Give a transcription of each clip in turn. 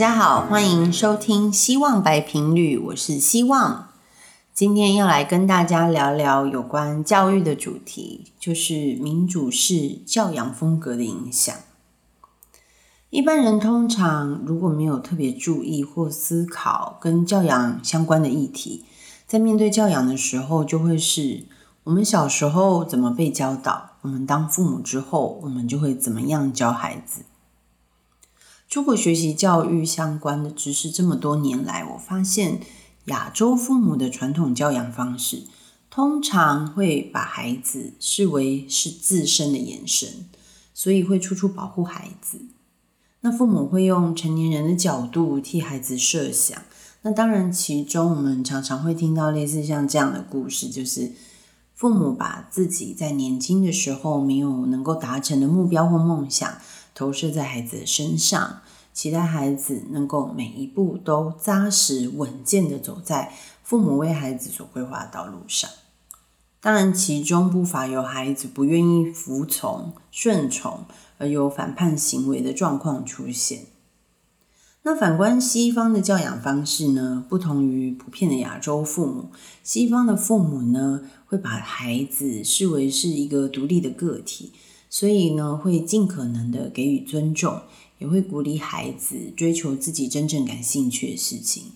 大家好，歡迎收聽希望白頻率，我是希望。今天要來跟大家聊聊有關教育的主題，就是民主式教養風格的影響。一般人通常如果沒有特別注意或思考跟教養相關的議題，在面對教養的時候，就會是我們小時候怎麼被教導，我們當父母之後，我們就會怎麼樣教孩子。出國學習教育相關的知識這麼多年來，我發現亞洲父母的傳統教養方式通常會把孩子視為是自身的延伸，所以會處處保護孩子。那父母會用成年人的角度替孩子設想。那當然，其中我們常常會聽到類似像這樣的故事，就是父母把自己在年輕的時候沒有能夠達成的目標或夢想。投射在孩子的身上，期待孩子能夠每一步都扎實穩健的走在父母為孩子所規劃的道路上。當然，其中不乏有孩子不願意服從、順從而有反叛行為的狀況出現。那反觀西方的教養方式呢？不同於普遍的亞洲父母，西方的父母呢，會把孩子視為是一個獨立的個體。所以呢，會盡可能的給予尊重，也會鼓勵孩子追求自己真正感興趣的事情，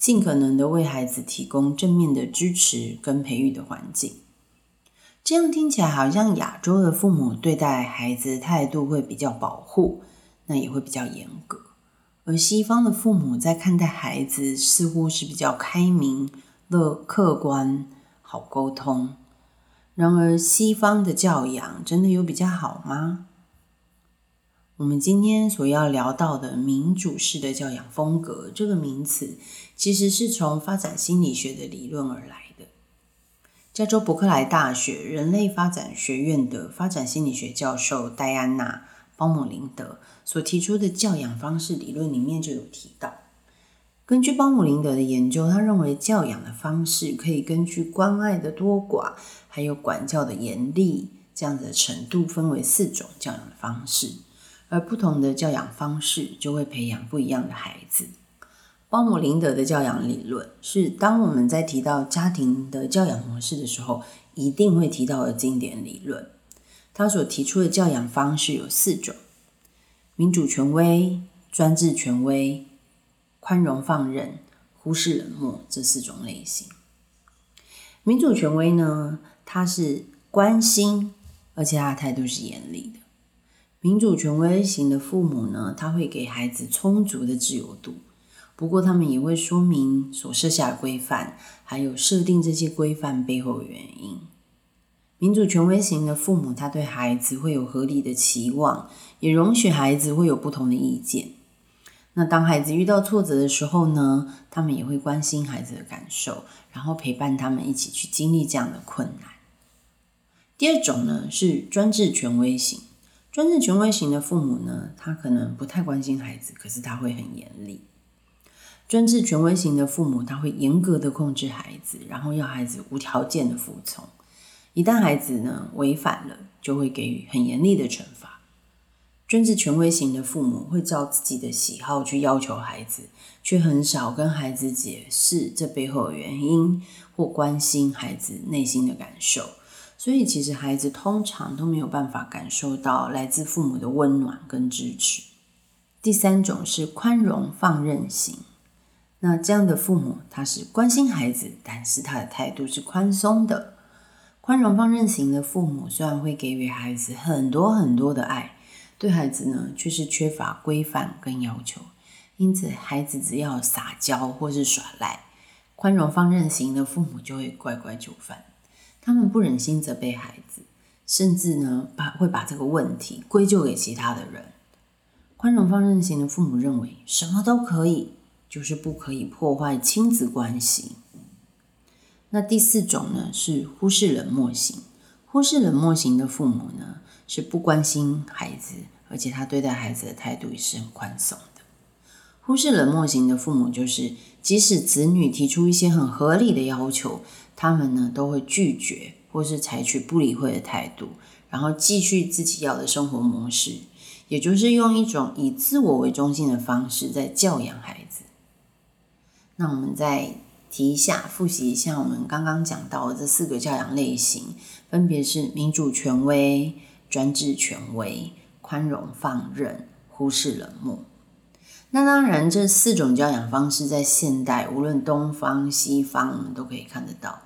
盡可能的為孩子提供正面的支持跟培育的環境。這樣聽起來好像亞洲的父母對待孩子態度會比較保護，那也會比較嚴格，而西方的父母在看待孩子似乎是比較開明、樂、客觀、好溝通。然而，西方的教養真的有比較好嗎？我們今天所要聊到的“民主式的教養風格”這個名詞，其實是從發展心理學的理論而來的。加州伯克萊大學人類發展學院的發展心理學教授戴安娜·鮑姆林德所提出的教養方式理論裡面就有提到。根據鮑姆林德的研究，他認為教養的方式可以根據關愛的多寡，還有管教的嚴厲這樣子的程度，分為四種教養的方式。而不同的教養方式就會培養不一樣的孩子。鮑姆林德的教養理論是當我們在提到家庭的教養模式的時候，一定會提到的經典理論。他所提出的教養方式有四種：民主權威、專制權威。寬容放任、忽視冷漠，這四種類型。民主權威呢，他是關心，而且他的態度是嚴厲的。民主權威型的父母呢，他會給孩子充足的自由度，不過他們也會說明所設下的規範，還有設定這些規範背後的原因。民主權威型的父母，他對孩子會有合理的期望，也容許孩子會有不同的意見。那當孩子遇到挫折的時候呢，他們也會關心孩子的感受，然後陪伴他們一起去經歷這樣的困難。第二種呢是專制權威型，專制權威型的父母呢，他可能不太關心孩子，可是他會很嚴厲。專制權威型的父母，他會嚴格的控制孩子，然後要孩子無條件的服從。一旦孩子呢違反了，就會給予很嚴厲的懲罰。專制權威型的父母會照自己的喜好去要求孩子，卻很少跟孩子解釋這背後的原因，或關心孩子內心的感受。所以，其實孩子通常都沒有辦法感受到來自父母的溫暖跟支持。第三種是寬容放任型，那這樣的父母他是關心孩子，但是他的態度是寬鬆的。寬容放任型的父母雖然會給予孩子很多很多的愛，對孩子呢，卻是缺乏規範跟要求，因此孩子只要撒嬌或是耍賴，寬容放任型的父母就會乖乖就範。他們不忍心責備孩子，甚至呢把，會把這個問題歸咎給其他的人。寬容放任型的父母認為什麼都可以，就是不可以破壞親子關係。那第四種呢，是忽視冷漠型，忽視冷漠型的父母呢，是不關心孩子，而且他對待孩子的態度也是很寬鬆的。忽視冷漠型的父母，就是即使子女提出一些很合理的要求，他們呢都會拒絕，或是採取不理會的態度，然後繼續自己要的生活模式，也就是用一種以自我為中心的方式在教養孩子。那我們再提一下，複習一下我們剛剛講到的這四個教養類型，分別是民主權威。專制權威、寬容放任、忽視冷漠。那當然，這四種教養方式在現代無論東方西方，我們都可以看得到。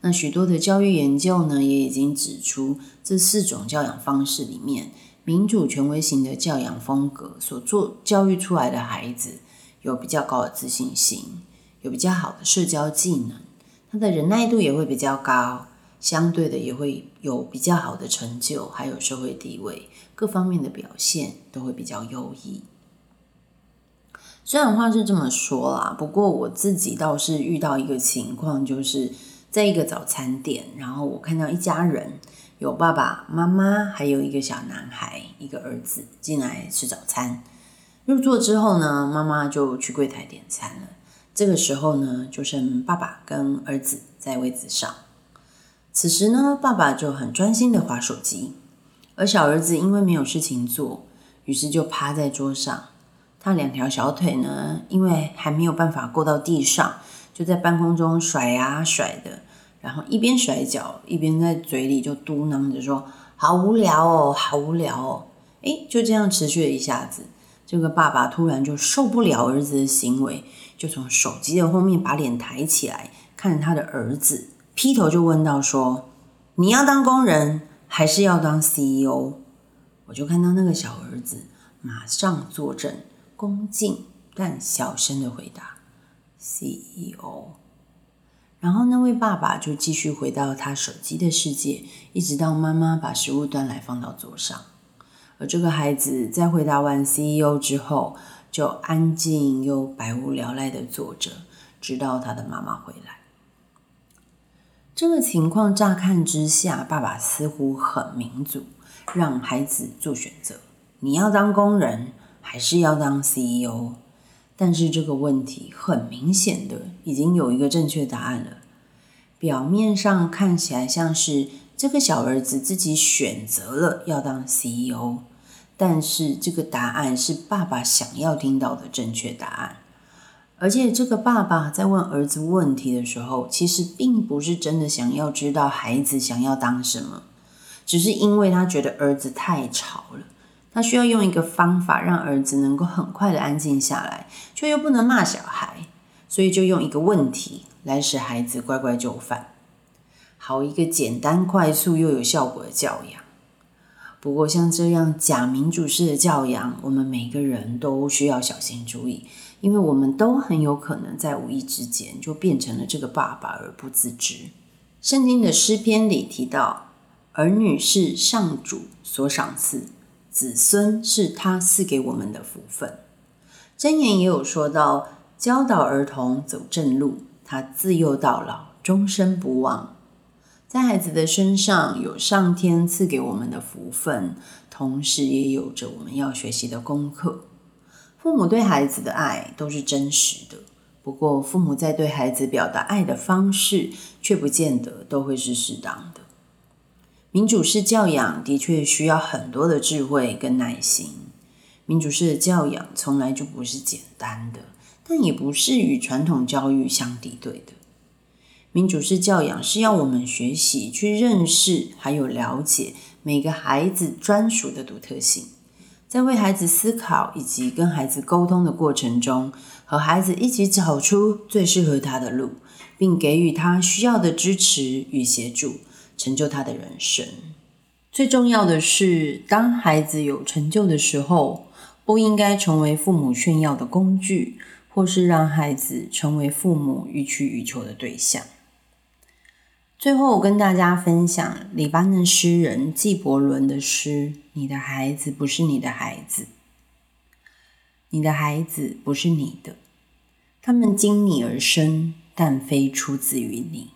那許多的教育研究呢，也已經指出這四種教養方式裡面，民主權威型的教養風格所做教育出來的孩子，有比較高的自信心，有比較好的社交技能，他的忍耐度也會比較高。相對的也會有比較好的成就，還有社會地位，各方面的表現都會比較優異。雖然話是這麼說啦，不過我自己倒是遇到一個情況，就是在一個早餐店，然後我看到一家人有爸爸媽媽，還有一個小男孩，一個兒子進來吃早餐。入座之後呢，媽媽就去櫃台點餐了。這個時候呢，就剩爸爸跟兒子在位子上。此時呢，爸爸就很專心的滑手機，而小兒子因為沒有事情做，於是就趴在桌上。他兩條小腿呢，因為還沒有辦法夠到地上，就在半空中甩啊甩的，然後一邊甩腳，一邊在嘴裡就嘟囔着說：“好無聊哦，好無聊哦。”誒，就這樣持續了一下子，這個爸爸突然就受不了兒子的行為，就從手機的後面把臉抬起來，看着他的兒子。劈頭就問到說：“你要當工人還是要當 CEO？” 我就看到那個小兒子馬上坐正，恭敬但小聲的回答：“CEO。”然後那位爸爸就繼續回到他手機的世界，一直到媽媽把食物端來放到桌上。而這個孩子在回答完 CEO 之後，就安靜又百無聊賴的坐着，直到他的媽媽回來。這個情況乍看之下，爸爸似乎很民主，讓孩子做選擇，你要當工人還是要當 CEO？但是這個問題很明顯的已經有一個正確答案了。表面上看起來像是這個小兒子自己選擇了要當 CEO，但是這個答案是爸爸想要聽到的正確答案。而且這個爸爸在問兒子問題的時候，其實並不是真的想要知道孩子想要當什麼，只是因為他覺得兒子太吵了，他需要用一個方法讓兒子能夠很快的安靜下來，卻又不能罵小孩，所以就用一個問題來使孩子乖乖就範。好一個簡單快速又有效果的教養。不過，像這樣假民主式的教養，我們每個人都需要小心注意，因為我們都很有可能在無意之間就變成了這個爸爸而不自知。聖經的詩篇裡提到，兒女是上主所賞賜，子孫是他賜給我們的福分。箴言也有說到，教導兒童走正路，他自幼到老，終身不忘。在孩子的身上有上天賜給我們的福分，同時也有着我們要學習的功課。父母對孩子的愛都是真實的，不過父母在對孩子表達愛的方式，卻不見得都會是適當的。民主式教養的確需要很多的智慧跟耐心。民主式的教養從來就不是簡單的，但也不是與傳統教育相敵對的。民主式教養是要我們學習去認識，還有了解每個孩子專屬的獨特性，在為孩子思考以及跟孩子溝通的過程中，和孩子一起找出最適合他的路，並給予他需要的支持與協助，成就他的人生。最重要的是，當孩子有成就的時候，不應該成為父母炫耀的工具，或是讓孩子成為父母予取予求的對象。最後，我跟大家分享黎巴嫩詩人紀伯倫的詩：“你的孩子不是你的孩子，你的孩子不是你的。他們經你而生，但非出自於你。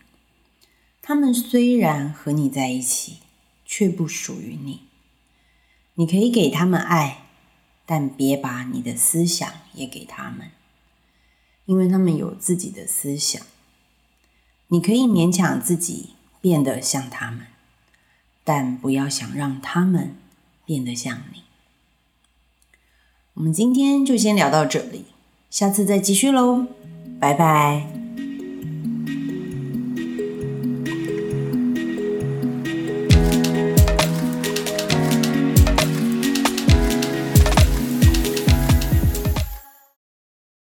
他們雖然和你在一起，卻不屬於你。你可以給他們愛，但別把你的思想也給他們，因為他們有自己的思想。”你可以勉強自己變得像他們，但不要想讓他們變得像你。我們今天就先聊到這裡，下次再繼續嘍，拜拜。